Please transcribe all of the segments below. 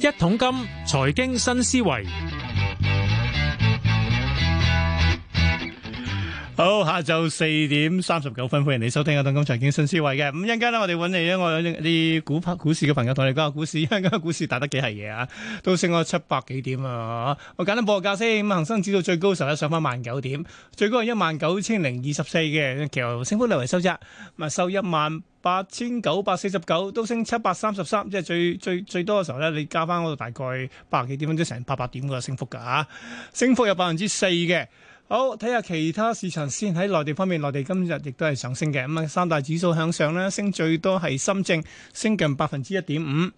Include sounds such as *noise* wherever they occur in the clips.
一桶金財經新思維。好，下晝四點三十九分，歡迎你收聽《一桶金之財經新思維》嘅。咁一陣間咧，我哋揾你啊，我有啲股票、股市嘅朋友同你講下股市，因陣今嘅股市打得幾係嘢啊？都升咗七百幾點啊？我簡單報下價先。咁恒生指數最高時候呢，上翻萬九點，最高係一萬九千零二十四嘅，其後升幅略為收窄，咁啊，收一萬八千九百四十九，都升七百三十三，即係最最最多嘅時候咧，你加翻嗰度大概百幾點，即係成八百點嘅升幅噶吓，升幅有百分之四嘅。好，睇下其他市場先。喺內地方面，內地今日亦都係上升嘅。咁啊，三大指數向上咧，升最多係深證，升近百分之一點五。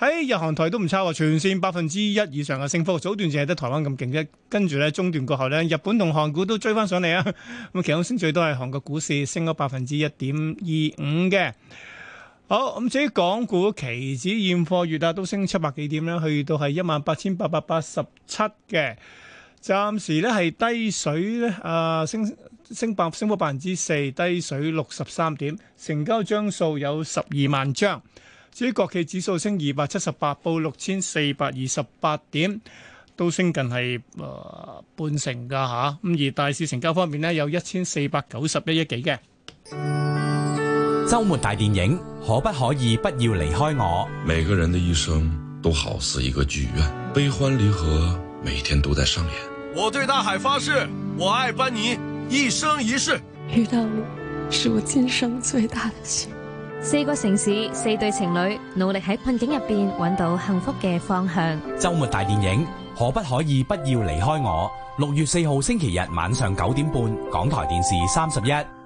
喺日韓台都唔差喎，全線百分之一以上嘅升幅。早段淨係得台灣咁勁啫，跟住咧中段過後咧，日本同韓股都追翻上嚟啊。咁其中升最多係韓國股市，升咗百分之一點二五嘅。好，咁至於港股期指、現貨月啊，都升七百幾點啦，去到係一萬八千八百八十七嘅。暫時咧係低水咧，啊、呃、升升百升幅百分之四，低水六十三點，成交張數有十二萬張。至於國企指數升二百七十八，報六千四百二十八點，都升近係、呃、半成噶咁、啊、而大市成交方面咧，有一千四百九十一億幾嘅。周末大電影可不可以不要離開我？每個人的一生都好似一個劇院，悲歡離合每天都在上演。我對大海發誓，我愛班尼，一生一世。遇到你，是我今生最大的幸運。四個城市，四對情侶，努力喺困境入邊揾到幸福嘅方向。周末大電影，可不可以不要離開我？六月四號星期日，晚上九點半，港台電視三十一。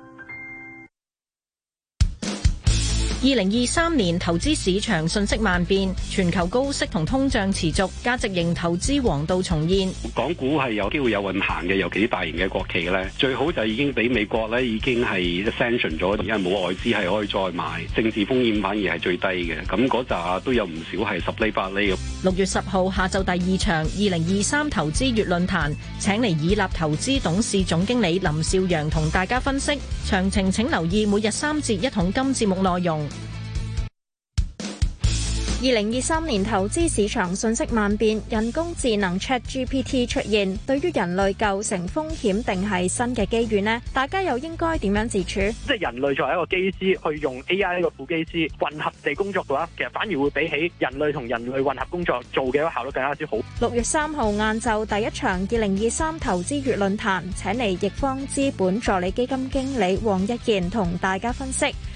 二零二三年投資市場信息萬變，全球高息同通脹持續，價值型投資黃道重現。港股係有機會有運行嘅，尤其啲大型嘅國企呢，最好就已經俾美國呢已經係 sanction 咗，因為冇外資係可以再買，政治風險反而係最低嘅。咁嗰扎都有唔少係十釐八釐。六月十號下晝第二場二零二三投資月論壇，請嚟以立投資董事總經理林少陽同大家分析。詳情請留意每日三節一桶金節目內容。二零二三年投資市場信息萬變，人工智能 ChatGPT 出現，對於人類構成風險定係新嘅機遇呢？大家又應該點樣自處？即係人類作為一個機師，去用 AI 呢個副機師混合地工作嘅話，其實反而會比起人類同人類混合工作做嘅一個效率更加之好。六月三號晏晝第一場二零二三投資月論壇，請嚟易方資本助理基金經理王一健同大家分析。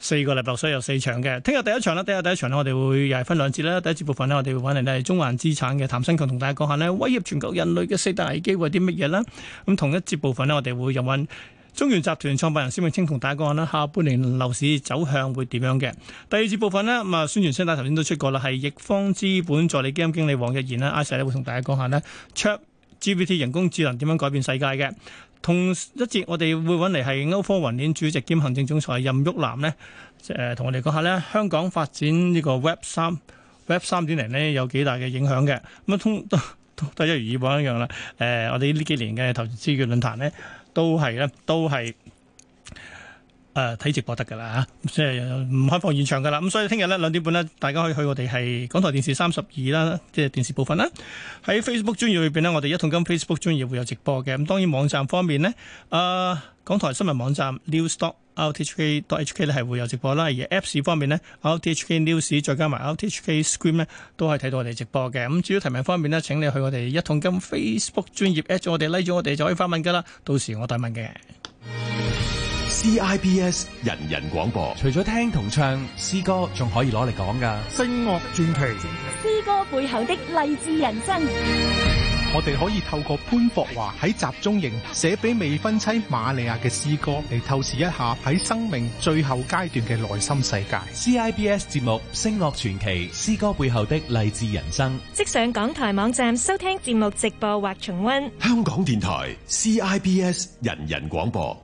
四個禮拜，所以有四場嘅。聽日第一場啦，聽日第一場咧，我哋會又係分兩節啦。第一節部分呢，我哋會揾嚟咧係中環資產嘅譚新強同大家講下呢，威脅全球人類嘅四大危機會係啲乜嘢啦。咁同一節部分呢，我哋會又揾中原集團創辦人施永青同大家講下咧下半年樓市走向會點樣嘅。第二節部分呢，咁啊宣傳聲帶，頭先都出過啦，係易方資本助理基金經理黃日賢啦，阿 Sir 會同大家講下呢 Chat GPT 人工智能點樣改變世界嘅。同一節我哋會揾嚟係歐科雲鏈主席兼行政總裁任旭南咧，呃，同我哋講下咧香港發展呢個 Web 三 Web 三點零咧有幾大嘅影響嘅。咁啊通都都，都，都一如以往一樣啦、呃。我哋呢幾年嘅投資嘅論壇咧，都係咧都係。誒睇直播得㗎啦嚇，即係唔開放現場㗎啦。咁所以聽日呢兩點半呢，大家可以去我哋係港台電視三十二啦，即係電視部分啦。喺 Facebook 專業裏面呢，我哋一桶金 Facebook 專業會有直播嘅。咁當然網站方面呢，港台新聞網站 news.rthk.hk 咧係會有直播啦。而 Apps 方面呢 RTHK News 再加埋 RTHK Screen 呢，都係睇到我哋直播嘅。咁至於提問方面呢，請你去我哋一桶金 Facebook 專業 at 我哋 like 咗我哋就可以發問㗎啦。到時我代問嘅。CIBS 人人廣播，除咗聽同唱詩歌，仲可以攞嚟講㗎。聲樂傳奇，詩歌背後的勵志人生。我哋可以透過潘霍華喺集中營寫俾未婚妻瑪利亞嘅詩歌，嚟透視一下喺生命最後階段嘅內心世界。CIBS 節目《聲樂傳奇》，詩歌背後的勵志人生。即上港台網站收聽節目直播或重溫。香港電台 CIBS 人人廣播。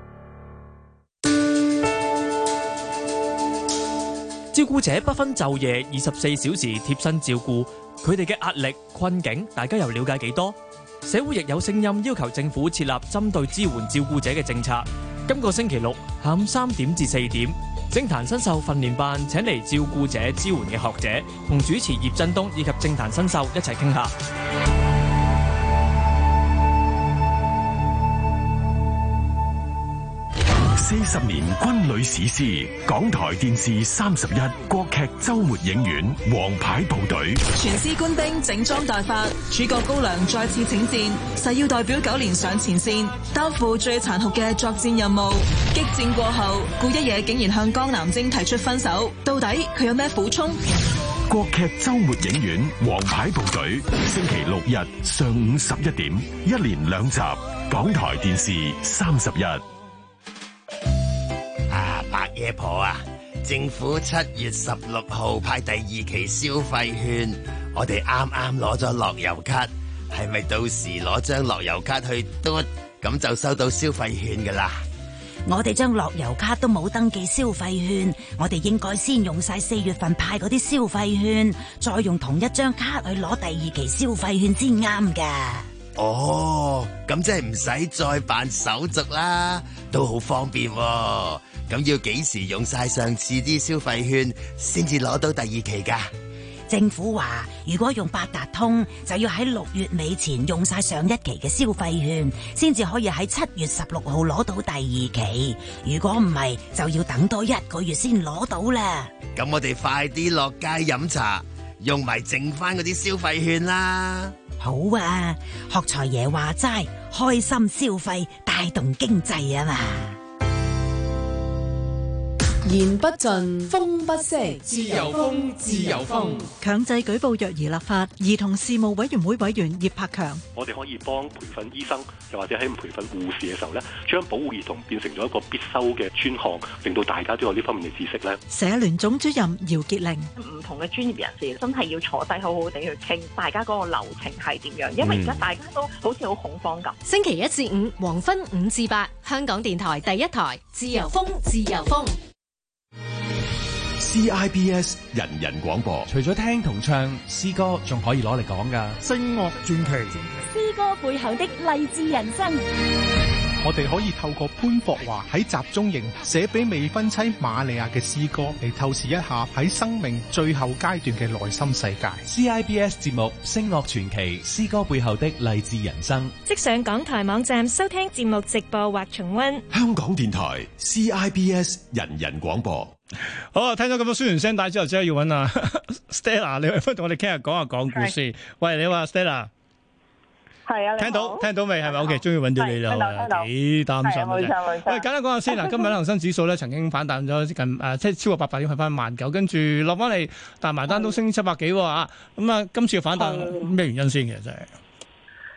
照顧者不分晝夜，二十四小時貼身照顧，佢哋嘅壓力、困境，大家又了解幾多？社會亦有聲音要求政府設立針對支援照顧者嘅政策。今個星期六下午三點至四點，政壇新秀訓練班請嚟照顧者支援嘅學者，同主持葉振東以及政壇新秀一齊傾下。四十年軍旅史詩，港台電視三十一國劇周末影院，王牌部隊全師官兵整裝待發，主角高粱再次請戰，誓要代表九連上前線，擔負最殘酷嘅作戰任務。激戰過後，顧一野竟然向江南貞提出分手，到底佢有咩苦衷？國劇周末影院，王牌部隊，星期六日上午十一點，一連兩集，港台電視三十一。阿婆啊，政府七月十六號派第二期消費券，我哋啱啱攞咗樂悠咭，係咪到時攞張樂悠咭去嘟，咁就收到消費券噶啦？我哋張樂悠咭都冇登記消費券，我哋應該先用晒四月份派嗰啲消費券，再用同一張卡去攞第二期消費券先啱噶。哦，咁即係唔使再辦手續啦，都好方便啊。咁要幾時用晒上次啲消費券先至攞到第二期噶？政府話如果用八達通就要喺六月尾前用晒上一期嘅消費券，先至可以喺七月十六號攞到第二期。如果唔係就要等多一個月先攞到啦。咁我哋快啲落街飲茶，用埋剩翻嗰啲消費券啦。好啊，學財爺話齋，開心消費帶動經濟啊嘛！言不盡，風不息，自由風，自由風。強制舉報虐兒立法，兒童事務委員會委員葉柏強。我哋可以幫培訓醫生，又或者喺培訓護士嘅時候咧，將保護兒童變成咗一個必修嘅專項，令到大家都有呢方面嘅知識咧。社聯總主任姚潔玲。唔同嘅專業人士真係要坐低好好地去傾，大家嗰個流程係點樣？因為而家大家都好似好恐慌咁、嗯。星期一至五黃昏五至八，香港電台第一台，自由風，自由風。CIBS 人人廣播，除咗聽同唱詩歌，仲可以攞嚟講噶。聲樂傳奇，詩歌背後的勵志人生。我哋可以透過潘霍華喺集中營寫俾未婚妻瑪利亞嘅詩歌，嚟透視一下喺生命最後階段嘅內心世界。CIBS 節目《聲樂傳奇》，詩歌背後的勵志人生。即上港台網站收聽節目直播或重溫。香港電台 CIBS 人人廣播。好啊！聽咗咁多宣傳聲帶之後，即刻要揾阿 Stella，你可唔可同我哋聽下講下講故事？喂，你話 Stella 係啊？聽到聽到未？係咪？OK，終於揾到你啦！幾擔心日、啊，喂，簡單講下先啦。 *laughs* 今日恒生指數咧，曾經反彈咗近誒，即、呃、係超過八百點，去翻萬九，跟住落翻嚟，但埋單都升七百幾啊！咁、嗯、啊，今次反彈咩、嗯、原因先嘅？其實。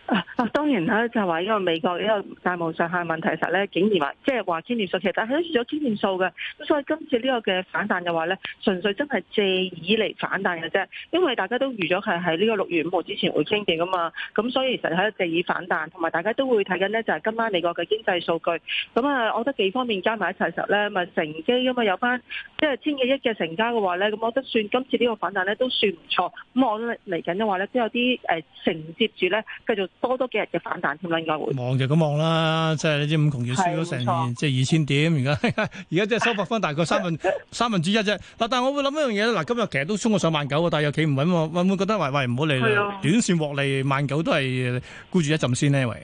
啊啊，當然啦、啊，就係話因為美國呢個債務上限問題實咧，竟然話即係話千年數其，其實但係都預咗千年數嘅。咁所以今次呢個嘅反彈嘅話咧，純粹真係借以嚟反彈嘅啫。因為大家都預咗係喺呢個六月五號之前會傾掂嘅嘛。咁所以其實係借以反彈，同埋大家都會睇緊呢，就係、是、今晚美國嘅經濟數據。咁啊，我覺得幾方面加埋一齊實咧，咪、就是、乘機啊嘛，有翻即係千幾億嘅成交嘅話咧，咁我覺得算今次呢個反彈咧都算唔錯。咁我嚟緊嘅話咧都有啲誒承接住咧繼續。多多幾日嘅反彈添啦，應該會望就咁望啦，即係你知五窮要輸咗成即係二千點，而家而家即係收復返大概三分 *laughs* 三分之一啫。嗱，但係我會諗一樣嘢嗱，今日其實都衝過上萬九，但係又企唔穩喎，會唔會覺得話喂唔好理你，短線獲利萬九都係沽住一陣先呢喂。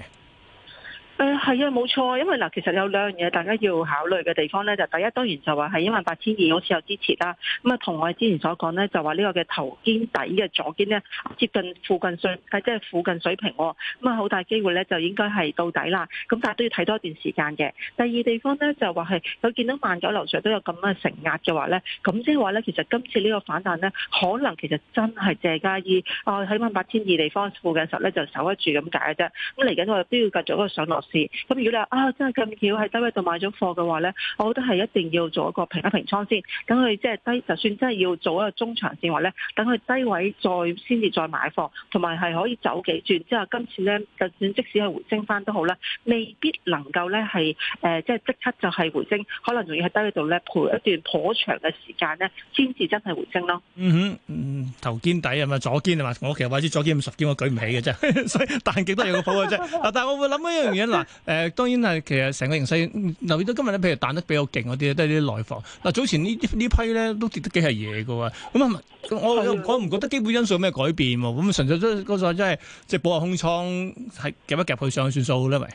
誒係啊，冇錯，因為嗱，其實有兩樣嘢大家要考慮嘅地方咧，就第一當然就話係一萬八千二好似有支持啦，咁啊同我之前所講咧，就話呢個嘅頭肩底嘅左肩咧接近附近水即係附近水平，咁啊好大機會咧就應該係到底啦，咁但係都要睇多一段時間嘅。第二地方咧就話係佢見到萬九樓上都有咁嘅承壓嘅話咧，咁即係話咧其實今次呢個反彈咧可能其實真係借加依啊喺萬八千二地方附近時候咧就守得住咁解嘅啫，咁嚟緊我哋都要繼續嗰個上落。咁如果你話啊真係咁巧喺低位度買咗貨嘅話咧，我覺得係一定要做一個平一平倉先，等佢即係低，就算真係要做一個中長線話咧，等佢低位再先至再買貨，同埋係可以走幾轉之後，今次咧就算即使係回升翻都好啦，未必能夠咧係誒即係即刻就係回升，可能仲要喺低位度咧徘徊一段頗長嘅時間咧，先至真係回升咯。嗯哼，嗯，頭肩底啊嘛，左肩啊嘛，我其實買住左肩五十肩我舉唔起嘅啫，所以但係極都係有個譜嘅啫。 *laughs* 但係我會諗一樣嘢 *laughs* 誒、呃，當然係，其實成個形勢，留意到今日咧，譬如彈得比較勁嗰啲，都係啲內房。嗱、呃，早前批呢呢批咧都跌得幾係嘢嘅喎。咁啊，我我唔覺得基本因素有咩改變喎。咁純粹都嗰個真係即係保下空倉，係夾一夾佢上去算數咧咪？喂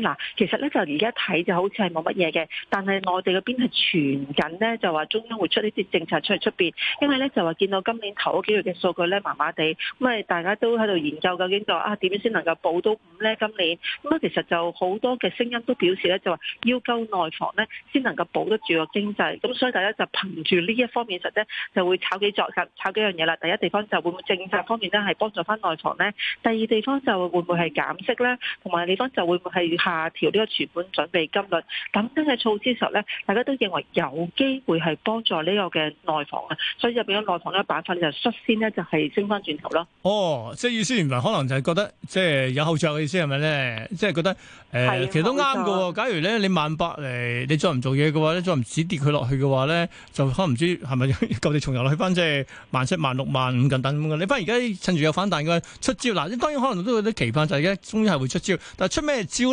嗱，其實咧就而家睇就好似係冇乜嘢嘅，但係內地嗰邊係傳緊呢，就話中央會出呢啲政策出嚟出邊，因為咧就話見到今年頭嗰幾個月嘅數據咧麻麻地，咁啊大家都喺度研究究竟就啊點樣先能夠保到五咧今年，咁啊其實就好多嘅聲音都表示咧就話要救內房咧先能夠保得住個經濟，咁所以大家就憑住呢一方面實質就會炒幾作炒幾樣樣嘢啦。第一地方就會唔會政策方面咧係幫助翻內房咧，第二地方就會唔會係減息咧，同埋地方就會唔會係。下調呢個存款準備金率，咁樣嘅措施，時候咧，大家都認為有機會係幫助呢個嘅內房啊。所以入邊嘅內房咧，板塊，就率先咧就係升翻轉頭咯。哦，即係意思，原來可能就係覺得即係有後著嘅意思，係咪咧？即係覺得誒、呃，其實都啱㗎。假如咧，你萬八嚟，你再唔做嘢嘅話咧，再唔止跌佢落去嘅話咧，就可能唔知係咪舊地重遊落去翻，即係萬七、萬六萬、萬五咁等咁，你翻而家趁住有反彈嘅出招，嗱，你當然可能都有啲期盼，就係而家，終於係會出招，但係出咩招？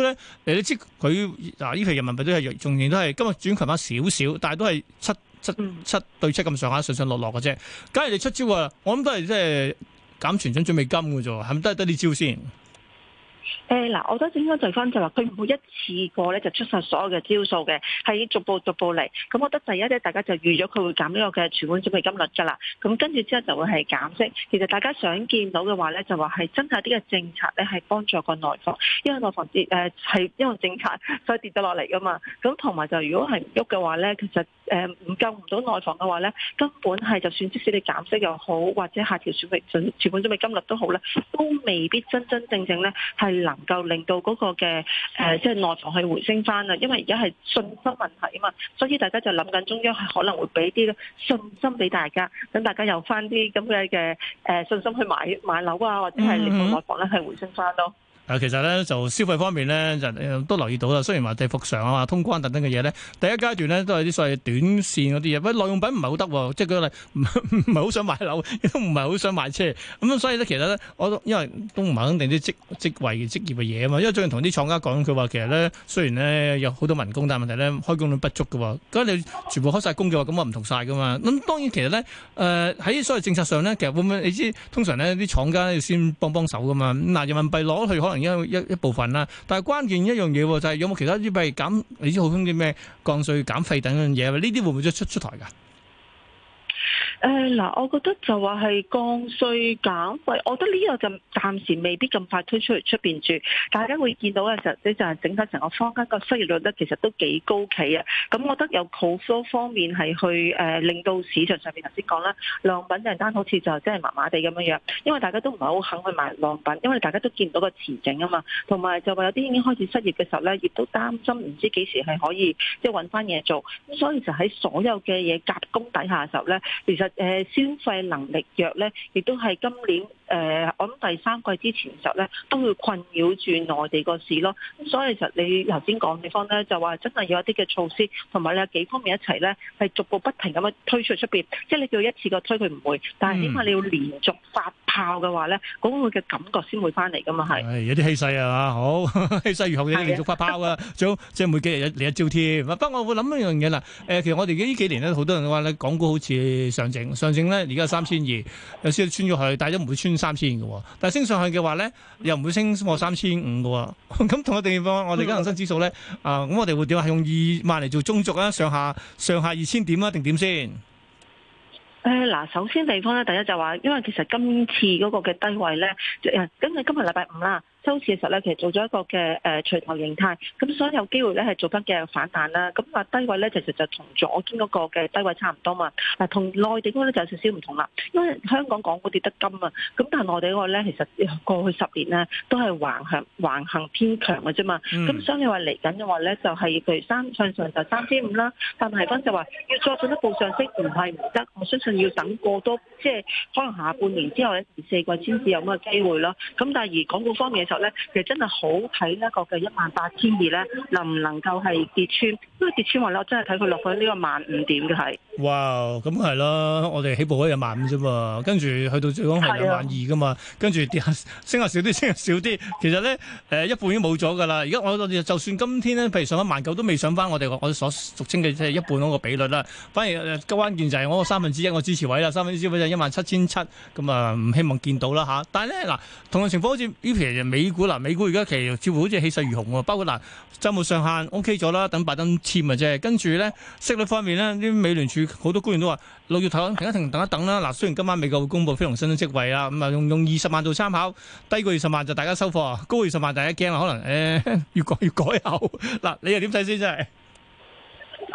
你知佢嗱呢期人民幣都係，仍然都係今日轉強翻少少，但係都係七七七對七咁上下，上上落落嘅啫。假如你出招啊，我諗都係即係減存準準備金嘅啫，係咪都係得呢招先？誒嗱， *music* 我覺得整個地方就話，佢唔會一次過咧就出晒所有嘅招數嘅，係逐步逐步嚟。咁我覺得第一咧，大家就預咗佢會減呢個嘅存款準備金率㗎啦。咁跟住之後就會係減息。其實大家想見到嘅話咧，就話係真係啲嘅政策咧係幫助個內房，因為內房跌誒係因為政策所以跌咗落嚟㗎嘛。咁同埋就如果係唔喐嘅話咧，其實唔救唔到內房嘅話咧，根本係就算即使你減息又好，或者下調準備存款準備金率都好咧，都未必真真正正咧係。能夠令到嗰個嘅誒，即係內房係回升翻啦，因為而家係信心問題啊嘛，所以大家就諗緊中央係可能會俾啲信心俾大家，等大家有翻啲咁嘅嘅誒信心去買買樓啊，或者係令到內房咧係回升翻咯。啊、其實咧就消費方面咧就都留意到啦。雖然話地復常啊嘛，通關等等嘅嘢咧，第一階段咧都係啲所謂短線嗰啲嘢。喂，耐用品唔係好得喎，即係佢哋唔唔係好想買樓，亦都唔係好想買車。咁、嗯、所以咧，其實咧，我因為都唔係肯定啲職職位、職業嘅嘢啊嘛。因為最近同啲廠家講，佢話其實咧，雖然咧有好多民工，但係問題咧開工率不足㗎喎。咁你全部開晒工嘅話，咁我唔同晒㗎嘛。咁、嗯、當然其實咧，誒、呃、喺所謂政策上咧，其實會唔會你知通常咧啲廠家呢要先幫幫手㗎嘛。嗱，人民幣攞去可能。一一,一部分啦，但係關鍵一樣嘢就係、是、有冇其他啲譬如減，你知好興啲咩降稅減費等樣嘢呢啲會唔會再出出台㗎？誒、哎、嗱，我覺得就話係降稅減費，我覺得呢個就暫時未必咁快推出嚟出邊住。大家會見到嘅時候，即係整體成個坊間個失業率咧，其實都幾高企啊。咁、嗯、我覺得有好多方面係去誒、呃、令到市場上面。頭先講啦，浪品嘅單好似就真係麻麻地咁樣，因為大家都唔係好肯去買浪品，因為大家都見唔到個前景啊嘛。同埋就話有啲已經開始失業嘅時候咧，亦都擔心唔知幾時係可以即係搵翻嘢做。咁所以就喺所有嘅嘢夾攻底下嘅時候咧，其實誒，消 *music* 費能力弱咧，亦都係今年，誒、呃，我諗第三季之前就咧，都會困擾住內地個市咯。咁所以其實你頭先講嘅地方咧，就話真係有一啲嘅措施，同埋你有幾方面一齊咧，係逐步不停咁樣推出出邊，即係你叫一次過推佢唔會，但係起碼你要連續發炮嘅話咧，講佢嘅感覺先會翻嚟噶嘛，係、哎。有啲氣勢啊，好氣勢然後有啲連續發炮啦，仲即係每幾日有嚟一招添。不過我會諗一樣嘢啦，誒，其實我哋呢幾年咧，好多人話咧，港股好似上證上證咧而家三千二，3200，有時穿咗去，但係都唔會穿三千嘅。但係升上去嘅話咧，又唔會升過三千五喎。咁同一地方，我哋而家恒生指數咧，啊、呃，咁我哋會點？係用二萬嚟做中軸啊，上下上下二千點啊，定點先？誒嗱，首先地方咧，第一就話，因為其實今次嗰個嘅低位咧，誒，今日今日禮拜五啦。收市嘅時候咧，其實做咗一個嘅誒錘頭形態，咁所以有機會咧係做返嘅反彈啦。咁啊低位咧，其實就同左肩嗰個嘅低位差唔多嘛。嗱、啊，同內地嗰個咧就有少少唔同啦，因為香港港股跌得金啊，咁但係內地嗰個咧，其實過去十年咧都係橫向橫行偏強嘅啫嘛。咁所以話嚟緊嘅話咧，就係、是、佢三向上，上就三千五啦，但係講就話要再進一步上升，唔係唔得。我相信要等過多，即係可能下半年之後咧，四季先至有咁嘅機會咯。咁但係而港股方面其實真係好睇呢個嘅一萬八千二咧，能唔能夠係跌穿？因為跌穿話咧我真係睇佢落去呢個萬五點，嘅係。哇、wow,！咁係啦我哋起步嗰一萬五啫嘛，跟住去到最高係兩萬二噶嘛，跟住跌下升下少啲，升下少啲。其實咧，一半已經冇咗噶啦。而家我哋就算今天咧，譬如上一萬九都未上翻我哋我哋所俗稱嘅即係一半嗰個比率啦。反而個關鍵就係我個三分之一我支持位啦，三分之一就一萬七千七咁啊，唔希望見到啦吓。但係咧嗱，同樣情況好似依期就美股啦，美股而家其實似乎好似氣勢如虹喎。包括嗱周末上限 OK 咗啦，等拜登簽啊啫。跟住咧息率方面呢啲美聯儲。好多官員都話六月頭啦，停一停，等一等啦。嗱，雖然今晚美國會公佈非常新的職位啦，咁啊用用二十萬做參考，低過二十萬就大家收貨，高過二十萬大家驚啦，可能越改越改口，嗱 *laughs* 你又點睇先？真係。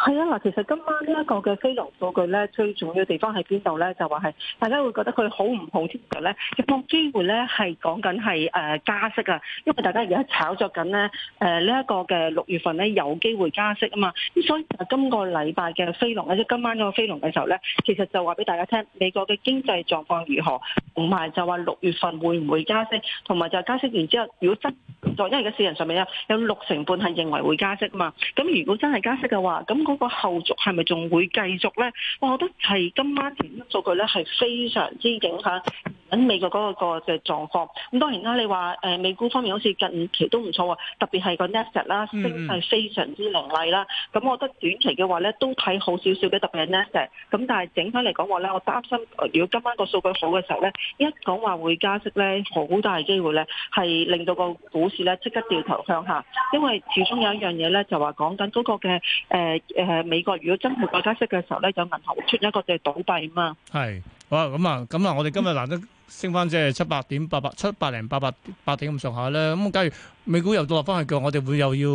係啊，嗱，其實今晚個呢一個嘅飛龍數據咧，最重要嘅地方喺邊度咧？就話係大家會覺得佢好唔好添嘅咧，有冇機會咧係講緊係誒加息啊，因為大家而家炒作緊咧誒呢一、呃這個嘅六月份咧有機會加息啊嘛，咁所以今個禮拜嘅飛龍，即、就是、今晚嗰個飛龍嘅時候咧，其實就話俾大家聽美國嘅經濟狀況如何，同埋就話六月份會唔會加息，同埋就加息完之後，如果真在因為嘅市場上面有有六成半係認為會加息啊嘛，咁如果真係加息嘅話，咁、那個個後續係咪仲會繼續咧？我覺得係今晚點數據咧，係非常之影響。咁美國嗰個嘅狀況，咁當然啦。你話誒美股方面好似近期都唔錯啊，特別係個納斯達啦，升係非常之凌厲啦。咁、mm. 我覺得短期嘅話咧，都睇好少少嘅，特別係納斯達。咁但係整體嚟講話咧，我擔心如果今晚個數據好嘅時候咧，一講話會加息咧，好大機會咧係令到個股市咧即刻掉頭向下，因為始終有一樣嘢咧就話講緊嗰個嘅誒誒美國，如果真係再加息嘅時候咧，有銀行會出一個嘅倒閉啊嘛。係。哇，咁啊，咁啊，我哋今日難得升翻即係七百點八百七百零八百八點咁上那下啦。咁假如美股又倒落翻去腳，我哋會又要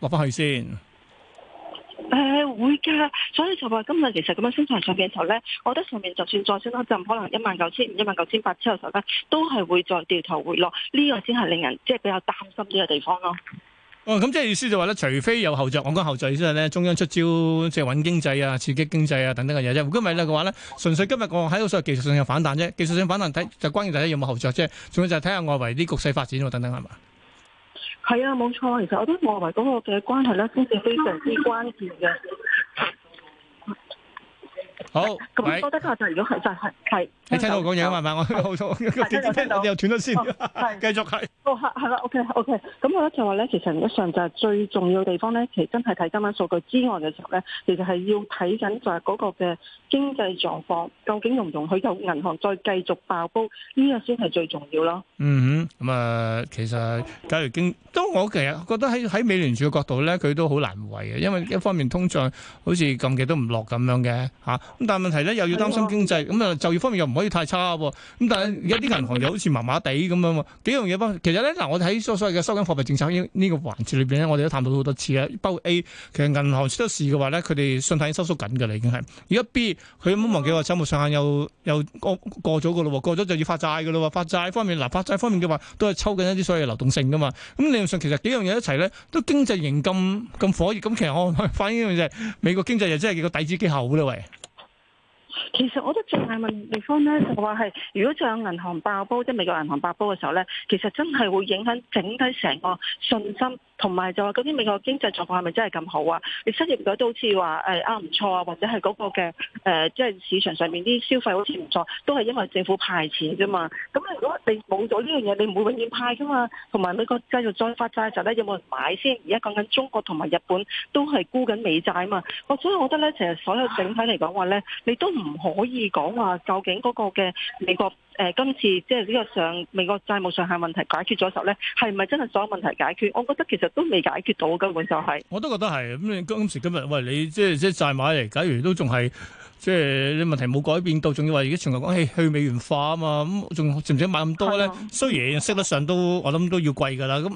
落翻去先。誒、嗯，會噶。所以就話今日其實咁樣升上上嘅時候咧，我覺得上面就算再升多，就唔可能一萬九千、一萬九千八千度上得，都係會再掉頭回落。呢、這個先係令人即係比較擔心呢個地方咯。哦，咁即係意思就話咧，除非有後著，我講後著意思係咧，中央出招，即係穩經濟啊，刺激經濟啊，等等嘅嘢啫。咁如果唔係嘅話咧，純粹今日我喺度講所謂技術性嘅反彈啫，技術性反彈睇就關鍵睇有冇後著啫，仲要就係睇下外圍啲局勢發展等等係嘛？係啊，冇錯。其實我覺得外圍嗰個嘅關係咧，先至非常之關鍵嘅。好，咁、嗯、多得家就如果係就係係，你聽到我講嘢嘛？係、哦、咪？我好錯，點你又斷咗先？繼、哦、續係。係啦，OK，OK。咁我咧就話咧，其實上就係最重要嘅地方咧，其實真係睇今晚數據之外嘅時候咧，其實係要睇緊就係嗰個嘅經濟狀況，究竟容唔容許由銀行再繼續爆煲呢？呢個先係最重要咯。嗯咁啊、嗯呃，其實假如經都，我其實覺得喺喺美聯儲嘅角度咧，佢都好難為嘅，因為一方面通脹好似咁期都唔落咁樣嘅嚇，咁、啊、但係問題咧又要擔心經濟，咁啊就業方面又唔可以太差喎，咁但係有啲銀行又好似麻麻地咁樣喎，幾樣嘢翻，其實。咧嗱，我哋喺所所謂嘅收緊貨幣政策呢個環節裏邊咧，我哋都探討咗好多次啦。包括 A，其實銀行出咗事嘅話咧，佢哋信貸已經收縮緊噶啦，已經係。而家 B，佢冇忘記話債務上限又又過咗噶咯喎，過咗就要發債噶咯喎，發債方面嗱，發債方面嘅話都係抽緊一啲所謂嘅流動性噶嘛。咁理論上其實幾樣嘢一齊咧，都經濟仲咁咁火熱。咁其實我反映一樣嘢，美國經濟又真係個底子幾厚咧喂。其實我覺得最大問地方咧，就話係如果再有銀行爆煲，即係美國銀行爆煲嘅時候咧，其實真係會影響整體成個信心。同埋就話嗰啲美國經濟狀況係咪真係咁好啊？你失業咗都好似話誒啊唔錯啊，或者係嗰個嘅誒，即、呃、係市場上面啲消費好似唔錯，都係因為政府派錢啫嘛。咁如果你冇咗呢樣嘢，你唔會永遠派噶嘛。同埋美國繼續再發債就咧，有冇人買先？而家講緊中國同埋日本都係沽緊美債啊嘛。我所以我覺得咧，其實所有整體嚟講話咧，你都唔可以講話究竟嗰個嘅美國。誒、呃，今次即係呢個上美國債務上限問題解決咗時候咧，係咪真係所有問題解決？我覺得其實都未解決到，根本就係。我都覺得係咁。今時今日，喂，你即係即係債買嚟，假如都仲係。即係你問題冇改變到，仲要話而家全球講，起去美元化啊嘛，咁仲值唔值買咁多咧、啊？雖然息率上都，我諗都要貴㗎啦。咁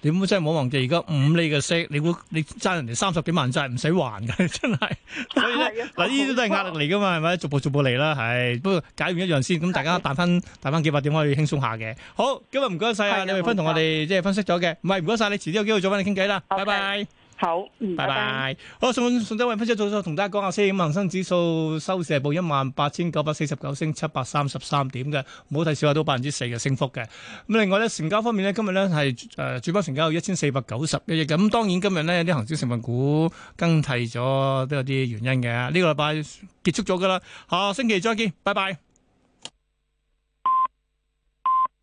你唔好真係唔好忘記，而家五厘嘅息，你估你爭人哋三十幾萬債唔使還㗎，真係。所以嗱，呢 *laughs* 啲、嗯、都係壓力嚟㗎嘛，係咪？逐步逐步嚟啦，係。不過解完一樣先，咁大家彈翻彈翻幾百點可以輕鬆下嘅。好，今日唔該晒啊，李榮芬同我哋即係分析咗嘅。唔係唔該晒，謝謝你遲啲有機會再揾你傾偈啦。Okay. 拜拜。好，嗯，拜拜。好，宋宋德偉分析師同大家講下先，恒生指數收市係報一萬八千九百四十九，升七百三十三點嘅，冇睇少下都百分之四嘅升幅嘅。咁另外咧，成交方面咧，今日咧係誒主板成交有一千四百九十一億。咁當然今日咧有啲恒指成分股更替咗，都有啲原因嘅。呢個禮拜結束咗噶啦，下星期再見，拜拜。